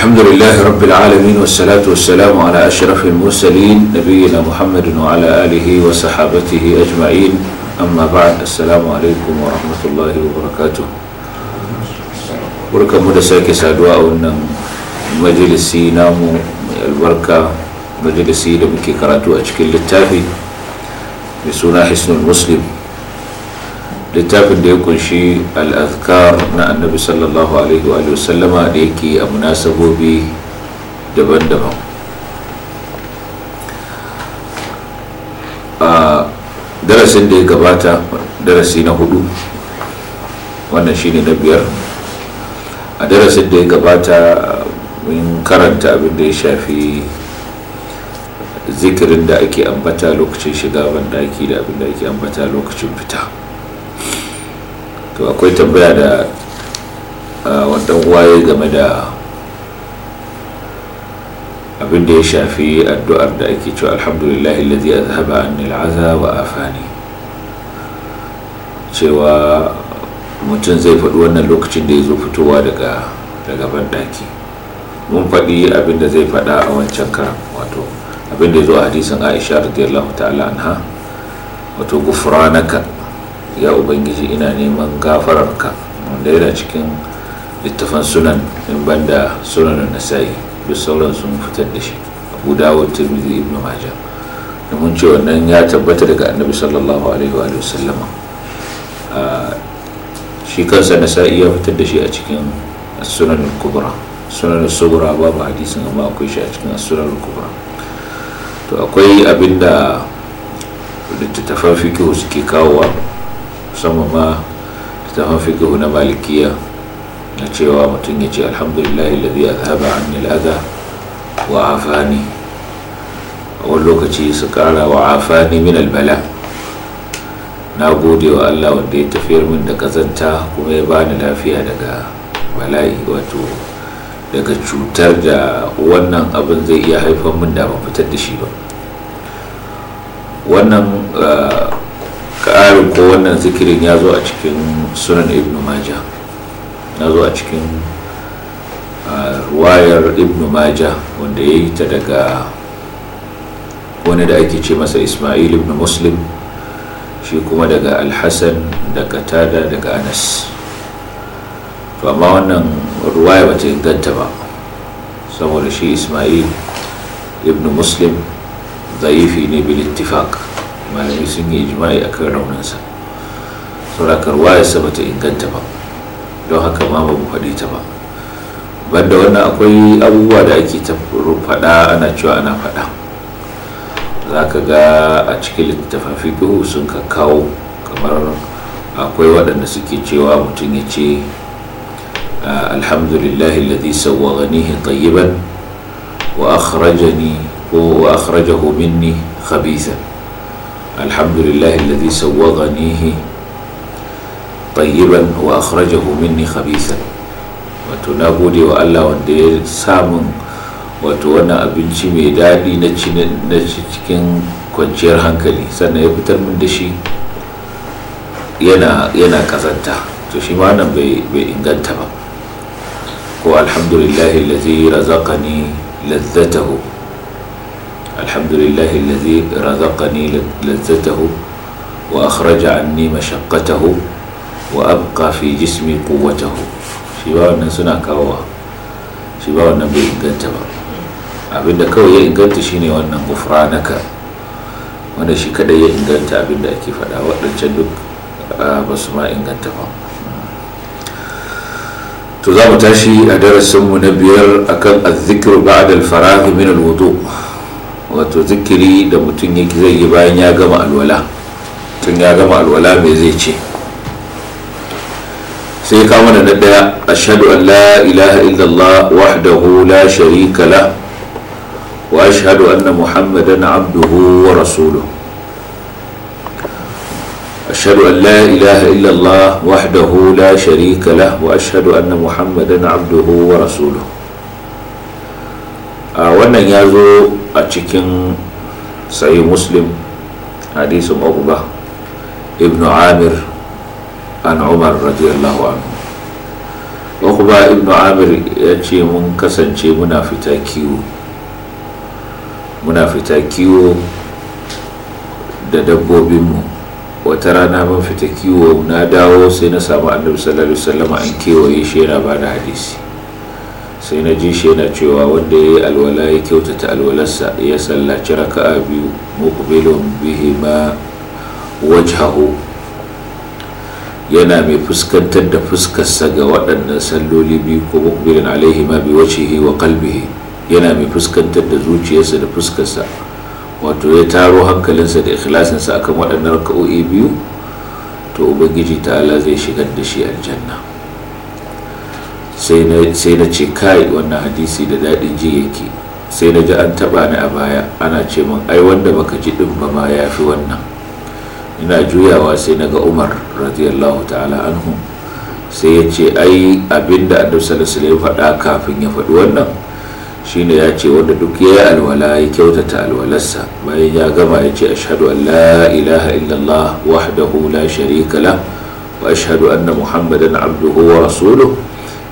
الحمد لله رب العالمين والصلاة والسلام على أشرف المرسلين نبينا محمد وعلى آله وصحابته أجمعين أما بعد السلام عليكم ورحمة الله وبركاته بركة مدساك سادواء مجلسي نامو البركة مجلسي لمكي كراتو أشكل للتافي بسونا حسن المسلم littafin da ya kunshi al'azkar na annabi sallallahu alaihi wa sallama da yake a munasabobi daban-daban a darasin da ya gabata darasi na hudu wannan shine na biyar a darasin da ya gabata mun karanta abin da ya shafi zikirin da ake ambata lokacin shiga daki da abin da ake ambata lokacin fita to akwai tambaya da wannan waye game da abin da ya shafi addu'ar da ake cewa alhamdulillah allazi azhaba anni al'aza wa afani cewa mutum zai faɗi wannan lokacin da ya zo fitowa daga daga bandaki mun faɗi abin da zai faɗa a wancan karan wato abin da ya zo a hadisin aisha radiyallahu ta'ala anha wato gufranaka ya ubangiji ina neman gafararka wanda yana cikin littafan sunan in banda sunan nasa'i duk sauran sun fitar da shi abu dawud turmizi ibn majah da mun ce wannan ya tabbata daga annabi sallallahu alaihi wa sallama ah, shi kansa nasa'i ya fitar da shi a cikin sunan kubra sunan ba babu hadisin amma akwai shi a cikin sunan kubra to akwai abinda littattafan fikihu suke kawowa sama ma littafin fikihu na malikiya na cewa mutum ya ce alhamdulillah alladhi azhaba anni al-adha wa afani a wani lokaci su kara wa afani min bala na gode wa Allah wanda ya tafiyar min da kazanta kuma ya bani lafiya daga bala'i wato daga cutar da wannan abin zai iya haifar min da ba fitar da shi ba wannan ah, ƙarin ko wannan zikirin ya zo a cikin sunan ibn maja ya zo a cikin ruwayar ibn maja wanda ya yi ta daga wani da ake ce masa ismail ibn muslim shi kuma daga alhassan da katada daga anas to amma wannan ruwaya ba ta inganta ba saboda shi ismail ibn muslim zaifi ne bil ittifaq malami sun yi jima'i akan rauninsa saurakar wayarsa sa ta inganta ba don haka ma ba mu faɗi ta ba banda wannan akwai abubuwa da ake ta faɗa ana cewa ana faɗa za ka ga a cikin littattafan duhu sun ka kawo kamar akwai waɗanda suke cewa mutum ya ce alhamdulillahi ladhi sawwaghanihi tayyiban wa akhrajani ko wa akhrajahu minni khabithan الحمد لله الذي سوغنيه طيبا وأخرجه مني خبيثا wato na gode wa Allah wanda ya samun wato wani abinci mai daɗi na cikin kwanciyar hankali sannan ya fitar min da shi yana kazanta to shi ma nan bai inganta ba ko alhamdulillahi lazi razaqani lazzatahu الحمد لله الذي رزقني لذته وأخرج عني مشقته وأبقى في جسمي قوته شباب نسنا كوا شباب النبي إنجنت abinda kawai ya inganta shine wannan gufranaka wanda shi kadai ya inganta abinda ake faɗa waɗancan duk ba su ma inganta ba to za mu tashi a darasinmu na biyar akan azzikir ba'da al farahi min al-wudu' wato zikiri da mutum yake zai yi bayan ya gama alwala tun ya gama alwala mai zai ce sai ka mana na daya ashhadu an la ilaha illallah wahdahu la sharika la wa ashhadu anna muhammadan abduhu wa rasuluhu أشهد أن لا إله إلا الله وحده لا شريك له وأشهد أن محمدا عبده ورسوله ya zo a cikin sayi muslim hadisin ba ibn amir an umar radiyallahu anhu ba ibn amir ya ce mun kasance muna fita kiwo muna fita kiwo da dabbobinmu wata rana mun fita kiwo na dawo sai na samu annabi sallallahu alaihi wasallam an kewaye shi yana ba da hadisi sai na ji shi yana cewa wanda ya yi alwala ya kyautata alwalarsa ya sallaci raka'a biyu muqbilun bihi ma wajhahu yana mai fuskantar da fuskarsa ga waɗannan salloli biyu ko mukbilin alaihi ma bi wacihi wa qalbihi yana mai fuskantar da zuciyarsa da fuskarsa wato ya taro hankalinsa da ikhlasinsa akan waɗannan raka'o'i biyu to ubangiji ta'ala zai shigar da shi aljanna sai na ce kai wannan hadisi da daɗin ji yake sai na ji an taɓa ni a baya ana ce min ai wanda baka ji ɗin ba ma ya fi wannan ina juyawa sai na ga umar radiyallahu ta'ala anhu sai ya ce ai abinda annabi sallallahu faɗa kafin ya faɗi wannan shine ya ce wanda duk ya yi alwala ya kyautata alwalarsa bayan ya gama ya ce ashadu an la ilaha illallah wahdahu la sharika la wa ashadu anna muhammadan abduhu wa rasuluhu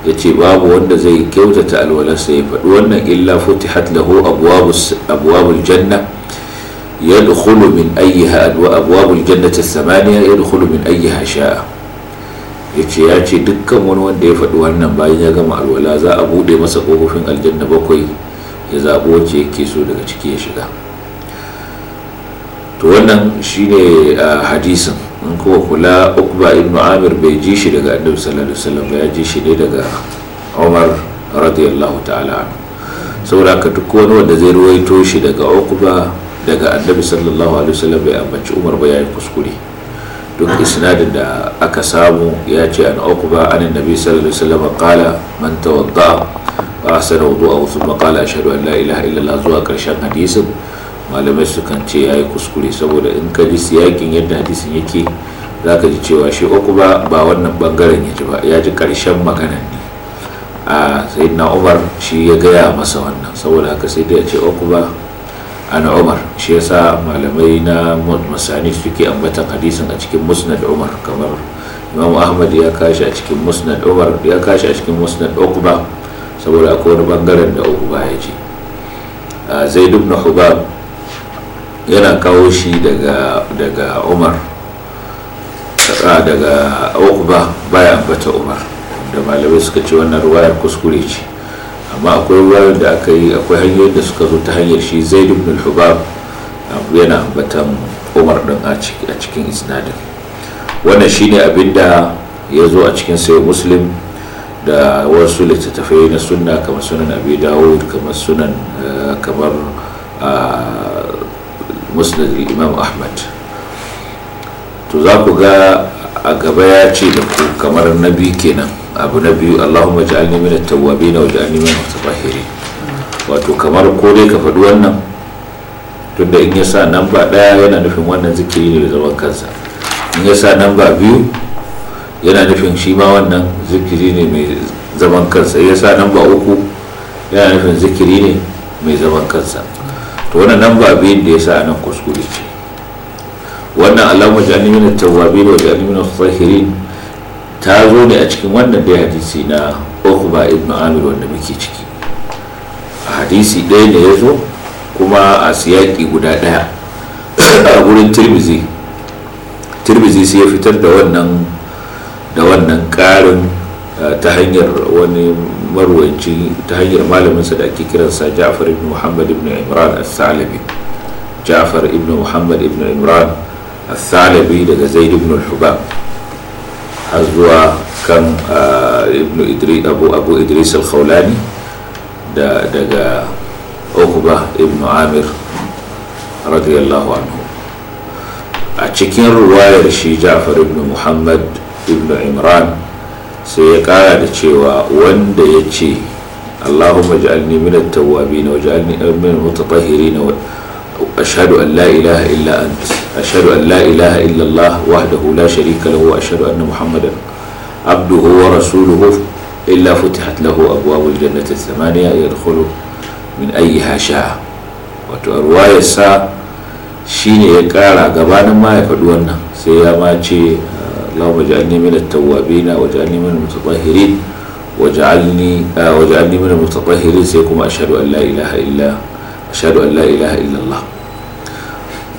ya ce babu wanda zai kyautata alwalarsa ya faɗi wannan illa futihat lahu abwabul janna yadkhulu min ayyiha abwabul jannati thamaniya yadkhulu min sha'a yace ya ce dukkan wani wanda ya faɗi wannan bayan ya gama alwala za a buɗe masa kofofin aljanna bakwai ya zaɓo wacce yake so daga ciki ya shiga to wannan shine ah, hadisin in kuwa kula ukba ibn amir bai ji shi daga annabi sallallahu alaihi wasallam ya ji shi ne daga umar radiyallahu ta'ala saboda ka duk wani wanda zai ruwaito shi daga ukba daga annabi sallallahu alaihi wasallam bai ambaci umar ba ya yi kuskure duk isnadin da aka samu ya ce an ukba an annabi sallallahu alaihi wasallam qala man tawadda fa ahsana wudu'ahu thumma qala ashhadu an la ilaha illallah zuwa karshen hadisin malamai sukan ce ya yi kuskure saboda in ka ji yakin yadda hadisin yake za ka ji cewa shi uku ba ba wannan bangaren ya ji ba ya ji karshen maganan ne a na umar shi ya gaya masa wannan saboda haka sai da ya ce uku ba ana umar shi ya sa malamai na masani suke ambatan hadisin a cikin musnad umar kamar imam ahmad ya kashi a cikin musnad umar ya kashi a cikin musnad ba saboda akwai wani bangaren da ba ya ji zaid ibn hubab yana kawo shi daga umar daga uqba baya ambata umar da malamai suka ce wannan ruwayar kuskure ce amma akwai ruwayar da aka yi akwai hanyoyin da suka zo ta hanyar shi zai ibn hubab yana ambatan umar din a cikin isnadin wannan shine abin da ya zo a cikin sayo muslim da wasu littattafai na sunna kamar sunan abi dawud kamar sunan eh, kamar ah, musnad imam ahmad to za ku ga a gaba ya ce da ku kamar nabi kenan abu na biyu allahumma ja'alni min at-tawwabin wa ja'alni min at-tahirin wato kamar ko dai ka faɗi wannan tunda in ya sa namba ɗaya yana nufin wannan zikiri ne da zaman kansa in ya sa namba biyu yana nufin shi ma wannan zikiri ne mai zaman kansa ya sa namba uku yana nufin zikiri ne mai zaman kansa to wannan nan biyun da ya sa nan kuskure ce wannan alamar janimin tawabi da janimin tsahirin ta zo ne a cikin wannan da hadisi na ba ibn amir wanda muke ciki a hadisi ɗaya ne ya zo kuma a siyaki guda ɗaya a gurin tirmizi tirmizi sai ya fitar da wannan da wannan ƙarin eh, ta hanyar wani marwayanci ta hanyar malaminsa da ake kiransa ja'far ibn muhammad ibn imran al-salabi ja'far ibn muhammad ibn imran al-salabi daga zaid ibn al-hubab har zuwa kan ah, ibn abu abu idris al-khawlani da daga uqba ibn amir radiyallahu anhu a cikin ruwayar shi ja'far ibn muhammad ibn imran sai ya kara da cewa wanda ya ce allahumma ja'alni min at-tawwabin wa ja'alni eh, min al-mutatahhirin wa ashhadu an la ilaha illa ant ashhadu an la ilaha illa allah wahdahu la sharika lahu wa ashhadu anna muhammadan abduhu wa rasuluhu illa futihat lahu abwabul jannati ath-thamaniya yadkhulu min ayyiha sha'a wato sa shine ya kara gabanin ma ya faɗi wannan sai ya ma ce اللهم اجعلني من التوابين واجعلني من المتطهرين واجعلني آه واجعلني من المتطهرين سيكم أشهد أن لا إله إلا أشهد أن لا إله إلا الله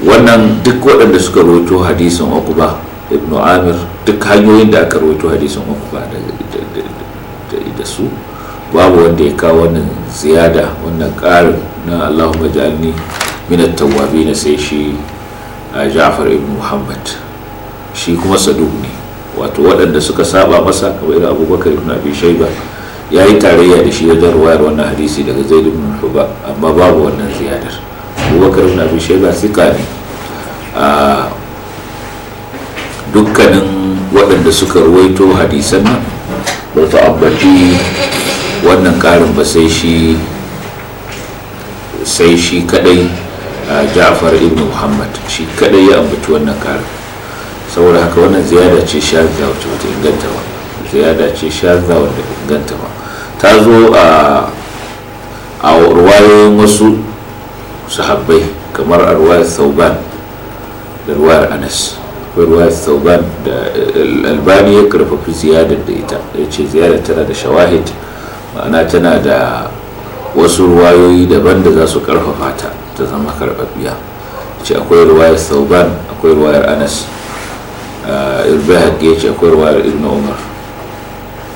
wannan duk waɗanda suka rawaito hadisin Uqba ibn Amir duk hanyoyin da aka rawaito hadisin Uqba da su babu wanda ya kawo wannan ziyada wannan ƙarin na Allahumma ja'alni min at-tawwabin sai shi ah, Ja'far ibn Muhammad shi kuma saduk ne wato waɗanda suka saba masa kamar da abubakar ibn abi shaiba ya yi tarayya da shi wajen ruwayar wannan hadisi daga zaid ibn huba amma babu wannan ziyadar abubakar ibn abi shaiba sika ne a dukkanin waɗanda suka ruwaito hadisan nan ba ta ambaci wannan karin ba sai shi sai shi kadai ja'far ibn muhammad shi kadai ya ambaci wannan karin saboda haka wannan ziyada ce shazza wacce bata inganta ba ziyada ce shazza wanda inganta ba ta zo a a ruwayoyin wasu sahabbai kamar a ruwayar sauban da ruwayar anas akwai ruwayar sauban da albani ya karfafi ziyadar da ita ya ce ziyadar tana da shawahid ma'ana tana da wasu ruwayoyi daban da za su karfafa ta ta zama karfafiya ce akwai ruwayar sauban akwai ruwayar anas Eh, irbahad ya ce akwai ruwayar ibn umar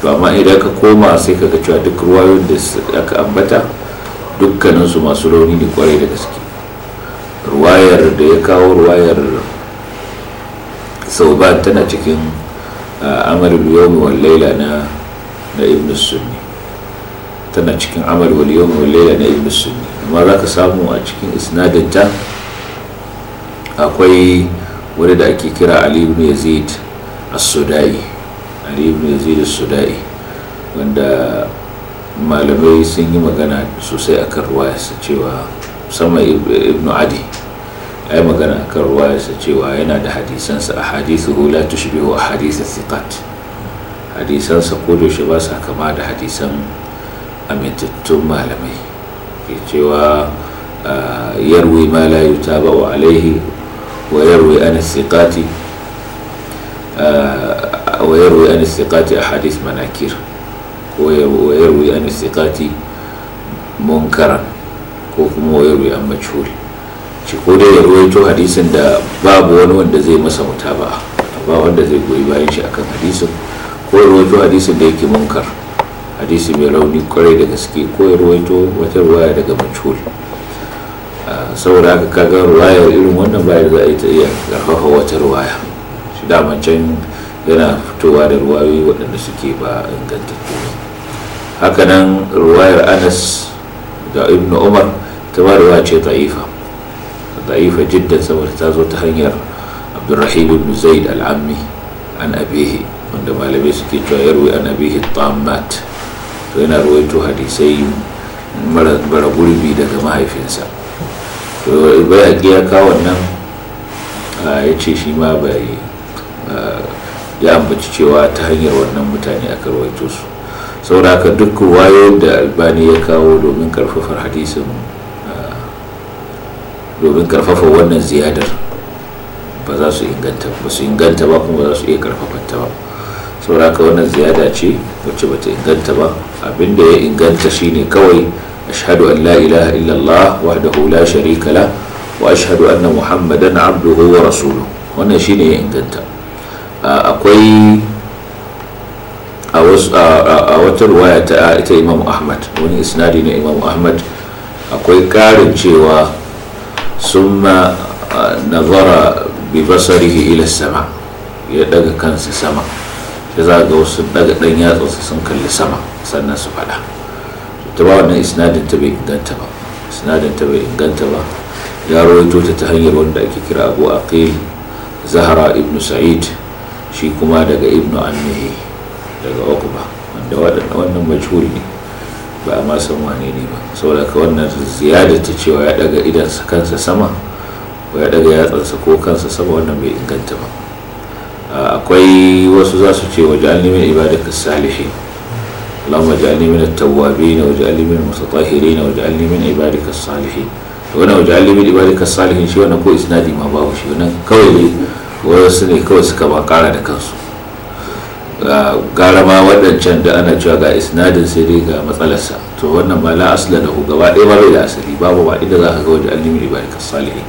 to amma idan ka koma sai ka ga cewa duk ruwayoyin da aka ambata dukkaninsu masu rauni ne kwarai da gaske ruwayar da ya kawo ruwayar sauban tana cikin eh, amar yomi wal na na ibn sunni tana cikin amar wal yomi na ibn sunni amma za ka samu a cikin isnadinta akwai wani da ake kira ali ibn yazid as-sudai ali wanda malamai sun yi magana sosai a kan ruwayarsa cewa musamman ibn adi ya yi magana a kan ruwayarsa cewa yana da hadisansa a hadisu hula biyu a hadisun sikat hadisansa ko da ba sa kama da hadisan amintattun malamai ke cewa ah, yarwi ma la yuta ba wa alaihi ويروي عن الثقات ويروي عن الثقات أحاديث مناكير ويروي عن الثقات منكرا وكما ويروي عن مجهول shi ko dai ya ruwaito hadisin da babu wani wanda zai masa mutaba'a ba wanda zai goyi bayan shi akan hadisin ko ya hadisin da yake munkar hadisi mai rauni kwarai da gaske ko wata daga majhul saboda haka kaga ruwayar irin wannan bayan za a yi ta iya karfafa wata ruwaya shi daman can yana fitowa da ruwayoyi waɗanda suke ba ingantattu hakanan ruwayar anas da ibn umar ta ba ruwa ce da'ifa taifa jiddan saboda ta zo ta hanyar abdurrahim ibn zaid al'ammi an abihi wanda malamai suke cewa yarwi an abihi tamat to yana ruwaito hadisai mara gurbi daga mahaifinsa bai ya kawo wannan ya ce shi ma bai ya ambaci cewa ta hanyar wannan mutane a rawaito su sauraka duk wayo da albani ya kawo domin karfafar hadisin domin karfafa wannan ziyadar ba za su inganta ba su inganta ba kuma za su iya karfafanta ba sauraka wannan ziyada ce wacce ta inganta ba abinda ya inganta shine kawai أشهد أن لا إله إلا الله وحده لا شريك له وأشهد أن محمدا عبده ورسوله wannan shi ne ya inganta akwai a wata ruwaya ta ita imam ahmad wani isnadi na imam ahmad akwai karin cewa sun na nazara bi basarihi ila sama ya daga kansa sama ya za ga wasu daga dan yatsa sun kalli sama sannan su fada ta ba wannan isnadin ta bai inganta ba isnadin ta bai inganta ba ya rawaito ta ta hanyar wanda ake kira abu aqil zahara ibnu sa'id shi kuma daga ibnu annahi daga uqba wanda wannan majhul ne ba a ma san wane ne ba saboda ka wannan ziyada ta cewa ya daga idansa kansa sama ko ya daga yatsansa ko kansa sama wannan bai inganta ba akwai wasu za su ce wajen ibada ibadaka salihin اللهم اجعلني من التوابين واجعلني من المتطهرين واجعلني من عبادك الصالحين وانا واجعلني من عبادك الصالحين شي wannan ko isnadi ma babu shi wannan kawai ne wasu ne kawai suka ba kara da kansu gara ma waɗancan da ana cewa ga isnadin sai dai ga matsalarsa to wannan ba la asla da gaba ɗaya ba bai da asali babu ba inda za ka ga wajen alimi da barika salihi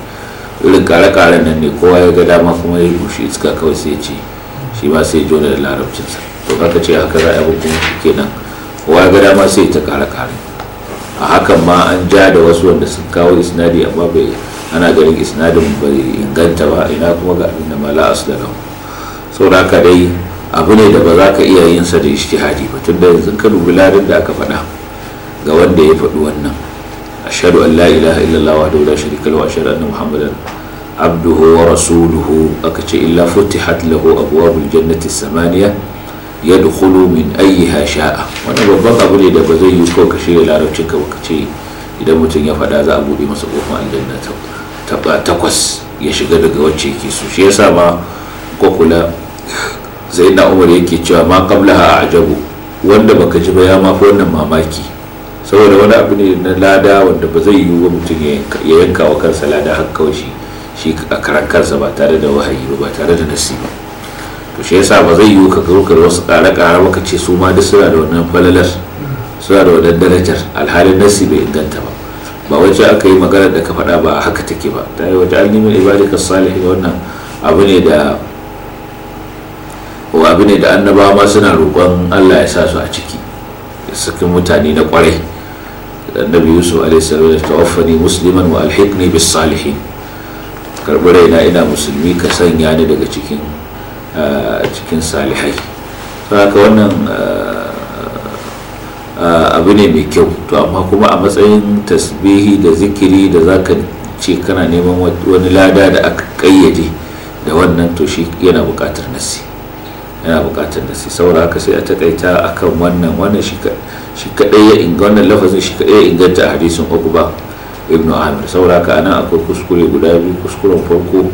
irin kare-karen nan ne kowa ya ga dama kuma ya bushe iska kawai sai ya ce shi ma sai ya jona da larabcinsa to ka ce haka za a yi kenan kowa ga dama sai ta kare kare a hakan ma an ja da wasu wanda sun kawo isnadi amma bai ana ganin isnadin bai inganta ba ina kuma ga abin da mala asdalam da ka dai abu ne da ba za ka iya yin sa da ijtihadi ba tunda yanzu ka dubi ladan da aka faɗa ga wanda ya faɗi wannan ashhadu an la ilaha illallah wa la sharika lahu wa ashhadu muhammadan abduhu wa rasuluhu aka ce illa futihat lahu abwabul jannati samaniya ya dukulu min ayyiha sha'a wani babban abu ne da ba zai yi ko ka shirya larabcin ka ce idan mutum ya faɗa za a buɗe masa kofin aljanna ta takwas ya shiga daga wacce yake su shi yasa ma ko kula na umar yake cewa ma a ajabu wanda baka ji ba ya ma fi wannan mamaki saboda wani abu ne na lada wanda ba zai yi wa mutum ya yanka wa kansa lada har kawai shi a karan kansa ba tare da wahayi ba tare da nasi to shi yasa ba zai yiwu ka karkar wasu kare ƙara maka ce su ma duk suna da wannan falalar suna da wannan darajar alhalin nasi bai inganta ba ba wace aka yi maganar da ka faɗa ba haka take ba ta yi wata alimin ka salihin wannan abu ne da ko abu ne da annabawa ma suna roƙon allah ya sa su a ciki sakin mutane na ƙwarai annabi yusuf alaihi ya tawaffani musliman wa alhiqni bis salihin karɓi raina ina musulmi ka sanya ni daga cikin a cikin salihai haka wannan eh, eh, abu ne mai kyau to amma kuma a matsayin tasbihi da zikiri da zaka ce kana neman wani lada da aka kayyade da wannan to shi yana bukatar nasi yana bukatar nasi saboda haka sai a takaita akan wannan wannan shi kadai ya inga wannan lafazin shi kadai ya inganta a hadisin ba ibn amir saboda haka anan akwai kuskure guda biyu kuskuren farko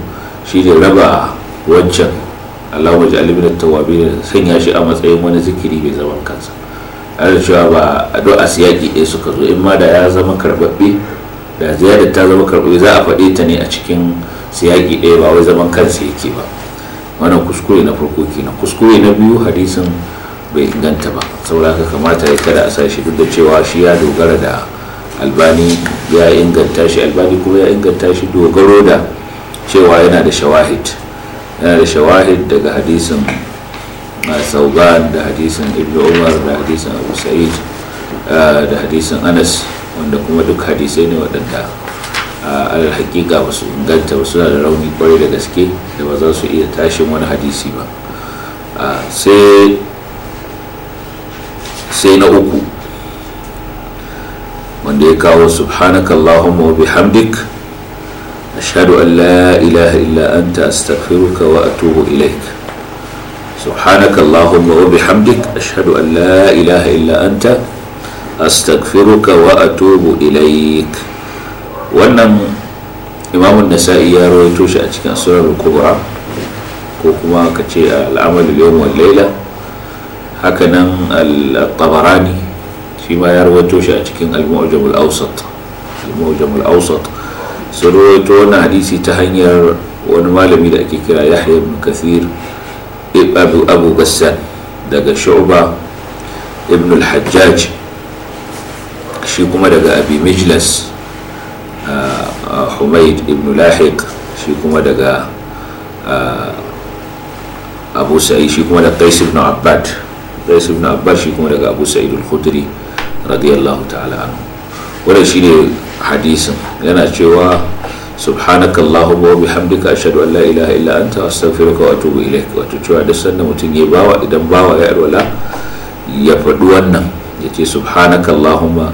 shi ne raba wancan Allah waje alimin tawabi ne sanya shi a matsayin wani zikiri mai zaman kansa har cewa ba addu'a siyaki ɗaya suka zo in ma da ya zama karɓaɓɓe da ziyada ta zama karɓaɓɓe za a faɗe ta ne a cikin siyaki ɗaya ba wai zaman kansa yake ba wannan kuskure na farko kenan kuskure na biyu hadisin bai inganta ba saboda haka kamata ya kada a sashi duk da cewa shi ya dogara da albani ya inganta shi albani kuma ya inganta shi dogaro da cewa yana da shawahid yana da shawahid daga hadisin sauban da hadisin ibnu umar da hadisin abu sa'id da hadisin anas wanda kuma duk hadisai ne waɗanda alal hakika ba su inganta ba suna da rauni kwarai da gaske da ba za su iya tashin wani hadisi ba sai na uku wanda ya kawo subhanakallahumma wa bihamdik أشهد أن لا إله إلا أنت أستغفرك وأتوب إليك سبحانك اللهم وبحمدك أشهد أن لا إله إلا أنت أستغفرك wannan imamun nasa'i ya rawaito shi a cikin surar kubra ko kuma ka ce al'amal yawon laila haka nan al-tabarani shi ma ya rawaito shi a cikin al-mu'jamul awsat sun rawaito wannan hadisi ta hanyar wani malami da ake kira yahya ibn kathir abu abu gassan daga shu'ba ibn al-hajjaj shi kuma daga abi majlis humaid ibn lahiq shi kuma daga abu sa'id shi kuma da qais ibn abbad qais ibn abbad shi kuma daga abu sa'id al-khudri radiyallahu ta'ala anhu wannan shine hadisin yana cewa subhanakallahumma wa bihamdika ashhadu an la ilaha illa anta astaghfiruka wa atubu wato cewa duk sanda mutum ya bawa idan bawa ya alwala ya faɗi wannan ya ce subhanakallahumma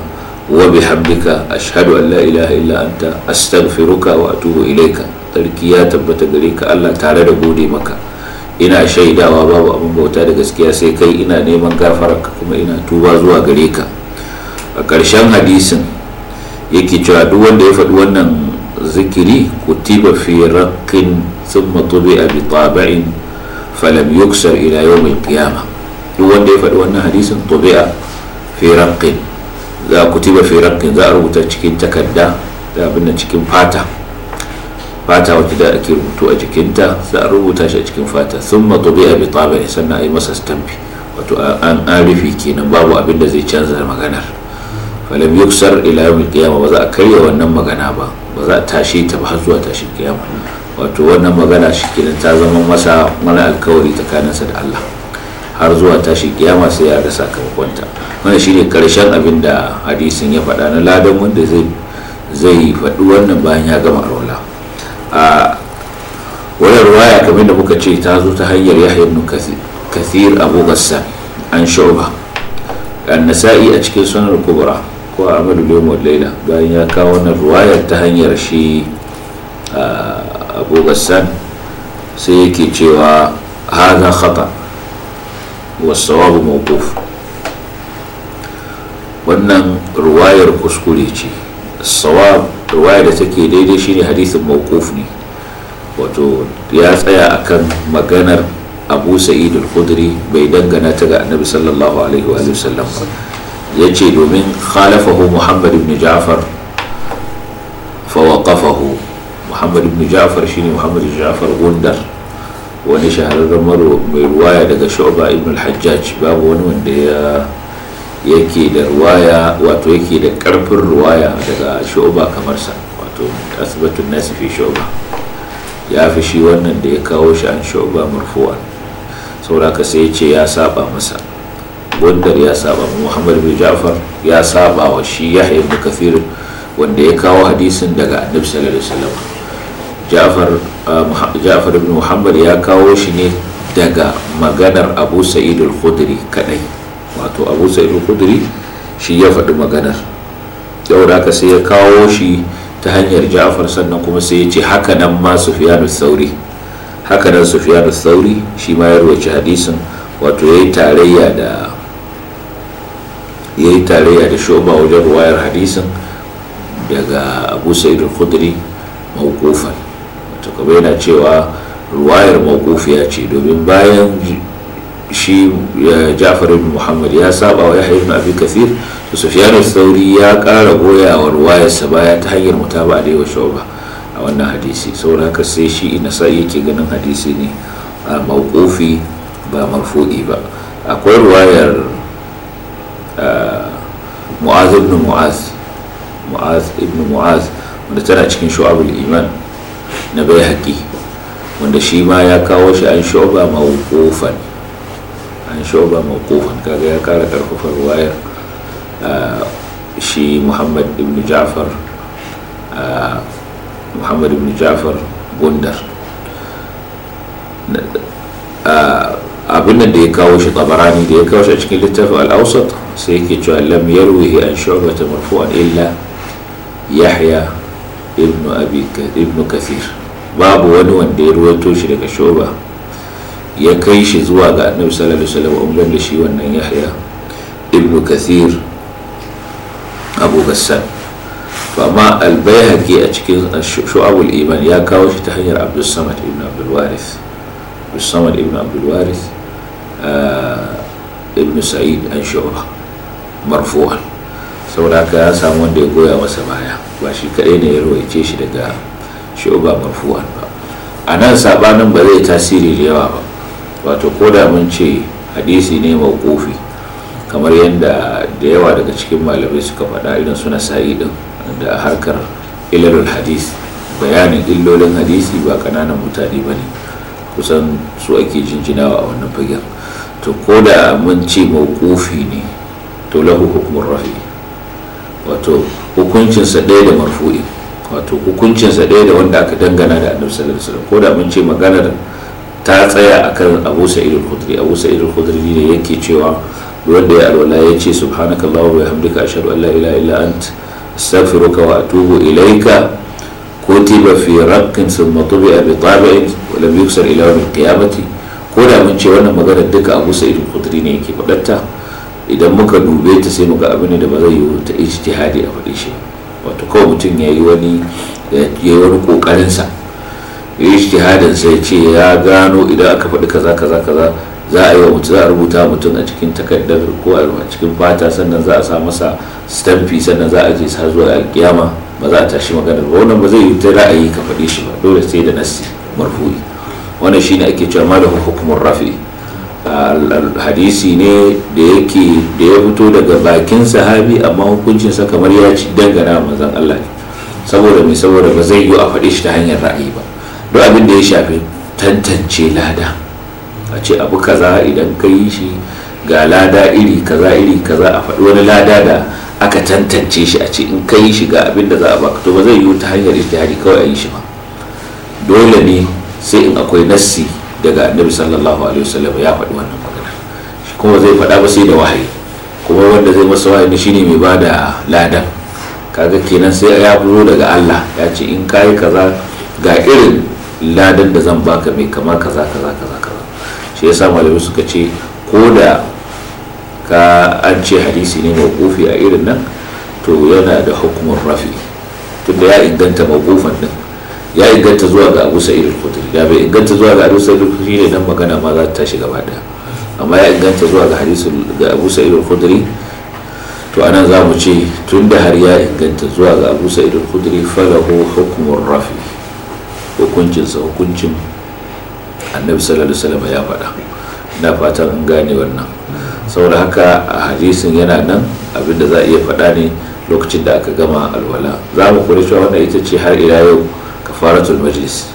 wa bihamdika ashhadu an la ilaha illa anta astaghfiruka wa atubu ilaika sarki ya tabbata gare ka Allah tare da gode maka ina shaidawa babu abin bauta da gaskiya sai kai ina neman gafararka kuma ina tuba zuwa gare ka a ƙarshen hadisin yake cewa duk wanda ya faɗi wannan zikiri kutiba fi raqqin sun tubi bi taba'in falam yuksar ila yawm mai qiyamah duk wanda ya faɗi wannan hadisin tubi'a fi raqqin za kutiba fi raqqin za a rubuta cikin takarda da abinda cikin fata fata wacce da ake rubutu a jikinta za a rubuta shi a cikin fata sun tubi'a bi taba'in sannan a yi masa stamfi wato an rufe kenan babu abin da zai canza maganar falam yuksar ila yawmil qiyamah ba za a karya wannan magana ba ba za a tashi ta ba har zuwa tashin kiyama wato wannan magana shikenan ta zama masa mana alkawari tsakaninsa da Allah har zuwa tashin kiyama sai ya ga ta. wannan shine karshen abin da hadisin ya faɗa na ladan wanda zai zai faɗi wannan bayan ya gama arwala a wani ruwaya kamar da muka ce ta zo ta hanyar yahya ibn kathir abu gassan an shu'ba an a cikin sanar kubra ko amadu lemon laila bayan ya kawo wannan ruwayar ta hanyar shi abu gassan sai yake cewa haza khata wasu mawquf wannan ruwayar kuskure ce sawab ruwayar da take daidai shine hadisin mawquf ne wato ya tsaya akan maganar abu sa'id al-khudri bai dangana ta ga annabi sallallahu alaihi wa sallam ya ce domin khalafahu muhammad ibn ja'far fawaqafahu muhammad ibn ja'far shine muhammad ibn ja'far gundar wani shahararren maro mai ruwaya daga shu'ba ibn al-hajjaj babu wani wanda ya yake da ruwaya wato yake da karfin ruwaya daga shu'ba kamar sa wato asibatun nasi fi ya fi shi wannan da ya kawo shi an shu'ba murfuwa saboda ka sai ya ce ya saba masa wandar ya saba muhammad bin ja'far ya saba wa shi yahya ibn kafir wanda ya kawo hadisin daga annabi sallallahu alaihi ja'far ah, ja'far ibn muhammad ya kawo shi ne daga maganar abu sa'id al-khudri kadai wato abu sa'id al-khudri shi ya faɗi maganar yau da sai ya kawo shi ta hanyar ja'far sannan kuma sai ya ce haka nan ma sufyanu sauri haka nan sauri shi ma ya rawaci hadisin wato ya yi tarayya da ya yi tarayya da shoba wajen ruwayar hadisin daga abu sa'id al-khudri mawqufan wato kuma yana cewa ruwayar mawqufiya ce domin bayan shi Ja'far ibn Muhammad ya saba wa Yahya ibn Abi Kathir to Sufyan al-Thawri ya ƙara goya wa ruwayar sa baya ta hanyar mutaba da wa shoba a wannan hadisi saboda haka sai shi ina sa yake ganin hadisi ne a mawqufi ba marfu'i ba akwai ruwayar mu'az ibn mu'az mu'az ibn mu'az wanda tana cikin shu'abul iman na bai haƙi wanda shi ma ya kawo shi an shu'ba mawqufan an shu'ba mawqufan kaga ya kara karfafa ruwayar ah, shi muhammad ibn ja'far ah, muhammad ibn ja'far gundar ah, abin da ya kawo shi tabarani da ya kawo shi a cikin littafin al'ausat sai yake cewa lam yarwihi an shu'bata marfu'an illa yahya ibn abi ibn kathir babu wani wanda ya ruwaito shi daga shu'ba ya kai shi zuwa ga annabi sallallahu alaihi wasallam umman da shi wannan yahya ibn kathir abu gassan amma albayhaqi a cikin shu'abul iman ya kawo shi ta hanyar abdus samad ibn abdul warith abdus samad ibn abdul warith ibn sa'id an shura marfu'an saboda haka ya samu wanda ya goya masa baya ba shi kadai ne ya rawaice shi daga shu'ba marfu'an ba a nan sabanin ba zai tasiri da yawa ba wato ko da mun ce hadisi ne mawqufi kamar yadda da yawa daga cikin malamai suka faɗa irin suna sa'idin da harkar ilalul hadisi bayanin illolin hadisi ba kananan mutane ba ne kusan su ake jinjinawa a wannan fagen to ko da mun ce mawqufi ne to lahu hukmun rafi wato hukuncinsa ɗaya da marfu'i wato hukuncinsa ɗaya da wanda aka dangana da annabi sallallahu alaihi ko da mun ce maganar ta tsaya akan Abu Sa'id al-Khudri Abu Sa'id al-Khudri ne yake cewa wanda ya alwala ya ce subhanakallahu wa bihamdika ashhadu an la ilaha illa ant astaghfiruka wa atubu ilayka kutiba fi raqqin thumma tubi'a bi tabi'in wa lam yuksar ila yawm al-qiyamati ko da mun ce wannan magana duka abu sa'id al-khudri ne yake fadatta idan muka dube ta sai muka abu ne da ba zai yiwu ta ijtihadi a fadi shi wato kawai mutum ya yi wani ya yi wani kokarin sa ijtihadin sai ce ya gano idan aka faɗi kaza kaza kaza za a yi wa mutum za a rubuta mutum a cikin takardar ko a cikin fata sannan za a sa masa stamfi sannan za a je sa zuwa alkiyama ba za a tashi maganar ba wannan ba zai yi ta ra'ayi ka faɗi shi ba dole sai da nassi marfu'i wannan shine ake cewa malahu hukumar rafi hadisi ne da yake da ya fito daga bakin sahabi amma hukuncinsa kamar ya ci dangana manzan Allah ne saboda mai saboda ba zai yi a faɗi shi ta hanyar ra'ayi ba duk abin da ya shafi tantance lada a ce abu kaza idan ka yi shi ga lada iri kaza iri kaza a faɗi wani lada da aka tantance shi a ce in ka yi shi ga abin da za a baka to ba zai yi ta hanyar ijtihadi kawai a yi shi ba dole ne sai in akwai nassi daga annabi sallallahu alaihi wasallam ya faɗi wannan magana shi kuma zai faɗa ba sai da wahayi kuma wanda zai masa wahayi shine mai ba da ladan kaga kenan sai ya fito daga Allah ya ce in kayi kaza ga irin ladan da zan baka mai kama kaza kaza kaza kaza shi yasa malamai suka ce ko da ka an ce hadisi ne mawqufi a irin nan to yana da hukumar rafi tunda ya inganta mawqufan din ya inganta zuwa ga abu sa'id al ya da bai inganta zuwa ga abu sa'id al-khudri ne dan magana ma za ta tashi gaba daya amma ya inganta zuwa ga hadisin ga abu sa'id al-khudri to anan za mu ce tun da har ya inganta zuwa ga abu sa'id al-khudri falahu hukmun rafi hukuncin sa hukuncin annabi sallallahu alaihi wasallam ya faɗa ina fatan an gane wannan saboda haka a hadisin yana nan abinda za a iya faɗa ne lokacin da aka gama alwala za mu kuri cewa wannan ita ce har ila yau kafaratul majlis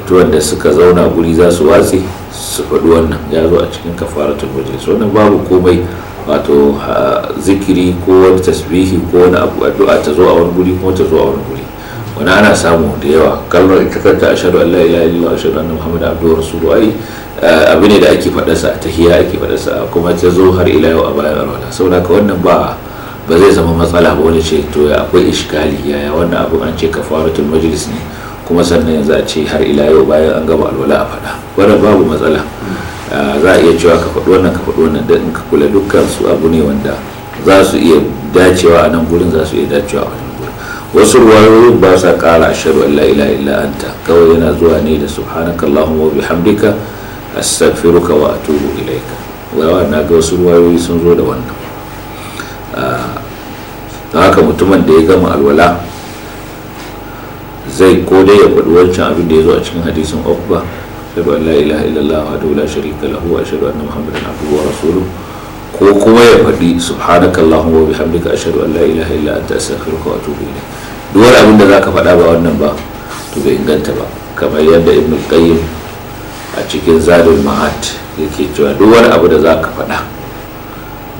mutuwan da suka zauna guri za su watsi su faɗi wannan ya zo a cikin kafaratul majlis wannan babu komai wato zikiri ko wani tasbihi ko wani abu addu'a ta zo a wani guri ko ta zo a wani guri wani ana samu da yawa kalmar ita kanta ashhadu an la ilaha wa shaɗu anna muhammadan abduhu rasulu ai eh, abu ne da ake faɗa sa hiya ake faɗa sa kuma ta zo har ila yau a bayan arwala saboda ka wannan ba ba zai zama matsala ba wani ce to ya akwai iskali yaya wannan abu an ce kafaratul majlis ne kuma sannan yanzu a ce har ila yau bayan an gama alwala a faɗa wannan babu matsala mm. ah, za a iya cewa ka faɗi wannan ka faɗi wannan da in ka kula dukkan su abu ne wanda za su iya dacewa a nan gurin za su iya dacewa a nan gurin wasu ruwayoyin ba sa ƙara a an la ila illa anta kawai yana zuwa ne da subhanakallahumma wa bihamdika astaghfiruka wa atubu ilaika wa na ga wasu ruwayoyi sun zo da wannan ah, haka mutumin da ya gama alwala zai ko dai ya faɗi wancan abin da ya zo a cikin hadisin ukba sai ba la ilaha illallah wa la sharika lahu wa ashhadu anna muhammadan abduhu wa rasuluhu ko kuma ya faɗi subhanakallahu wa bihamdika ashhadu an la ilaha illa anta astaghfiruka wa atubu ilayk duk wani abin da zaka faɗa ba wannan ba to bai inganta ba kamar yadda ibnu qayyim a cikin zadul ma'at yake cewa duk wani abu da zaka faɗa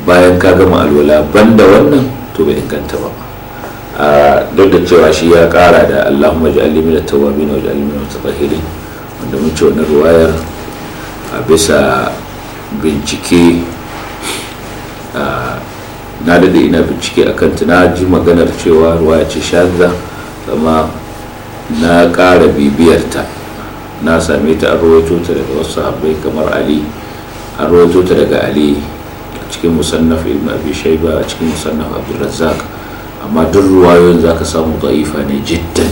bayan ka gama alwala banda wannan to bai inganta ba duk da cewa shi ya kara da allahumma ja'alni min da tawabi na waje min at-tahirin wanda mun ce wani ruwayar a bisa bincike na dade ina bincike a kanta na ji maganar cewa ruwaya ce shanza amma na kara bibiyar ta na same ta a rawaito ta daga wasu sahabbai kamar ali a rawaito ta daga ali a cikin musannaf ibn abi shaiba a cikin musannaf abdulrazzaq amma duk ruwayoyin za ka samu da'ifa ne jiddan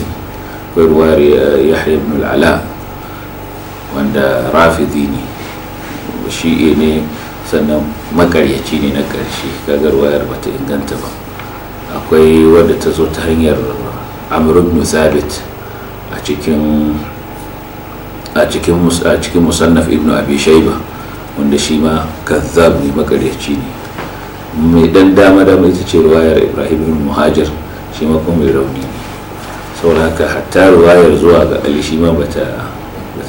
akwai ruwayar yahya ibn al'ala wanda rafidi ne shi'e ne sannan makaryaci ne na ƙarshe kagar wayar bata inganta ba akwai wadda ta zo ta hanyar amr ibn a cikin a cikin musannaf ibn abi shaiba wanda shi ma kazzab ne makaryaci ne mai dan dama dama ita ce ruwayar ibrahim ibn muhajir shi ma mai rauni ne saboda haka hatta ruwayar zuwa ga ali shi ma bata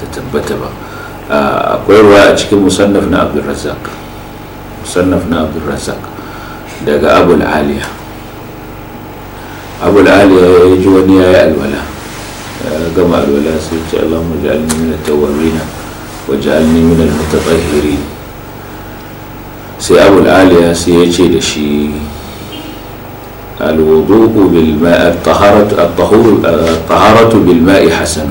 tabbata ba akwai ruwa a cikin musannaf na abdulrazzaq musannaf na abdulrazzaq daga abul aliya abul aliya ya wani ya yi alwala gama alwala sai ce allahumma ja'alni min at-tawwabin wa ja'alni sai abul aliya sai ya ce da shi alwudu'u bil ma'i at-taharatu bil ma'i hasan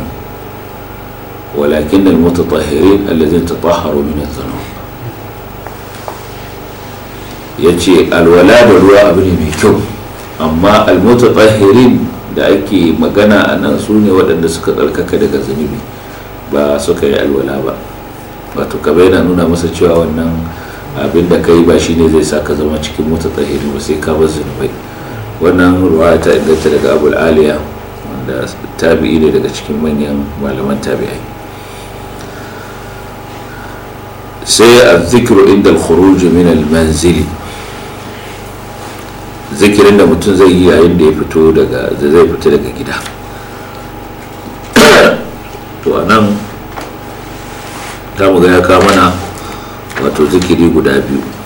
ولكن المتطهرين الذين تطهروا من الذنوب yace alwala da ruwa abu ne mai kyau amma almutatahirin da ake magana a nan su ne waɗanda suka tsarkaka daga zunubi ba suka yi alwala ba wato ka yana nuna masa cewa wannan abinda kai ba shine zai saka zama cikin mota mutatahiri ba sai ka bar zunubai wannan ruwaya ta inganta daga abul aliya wanda tabi'i ne daga cikin manyan malaman tabi'ai sai a zikiru inda al-khuruj min al-manzili zikirin da mutum zai yi yayin da ya fito daga zai fita daga gida to anan ta mu ga ya kawo mana wato zikiri guda biyu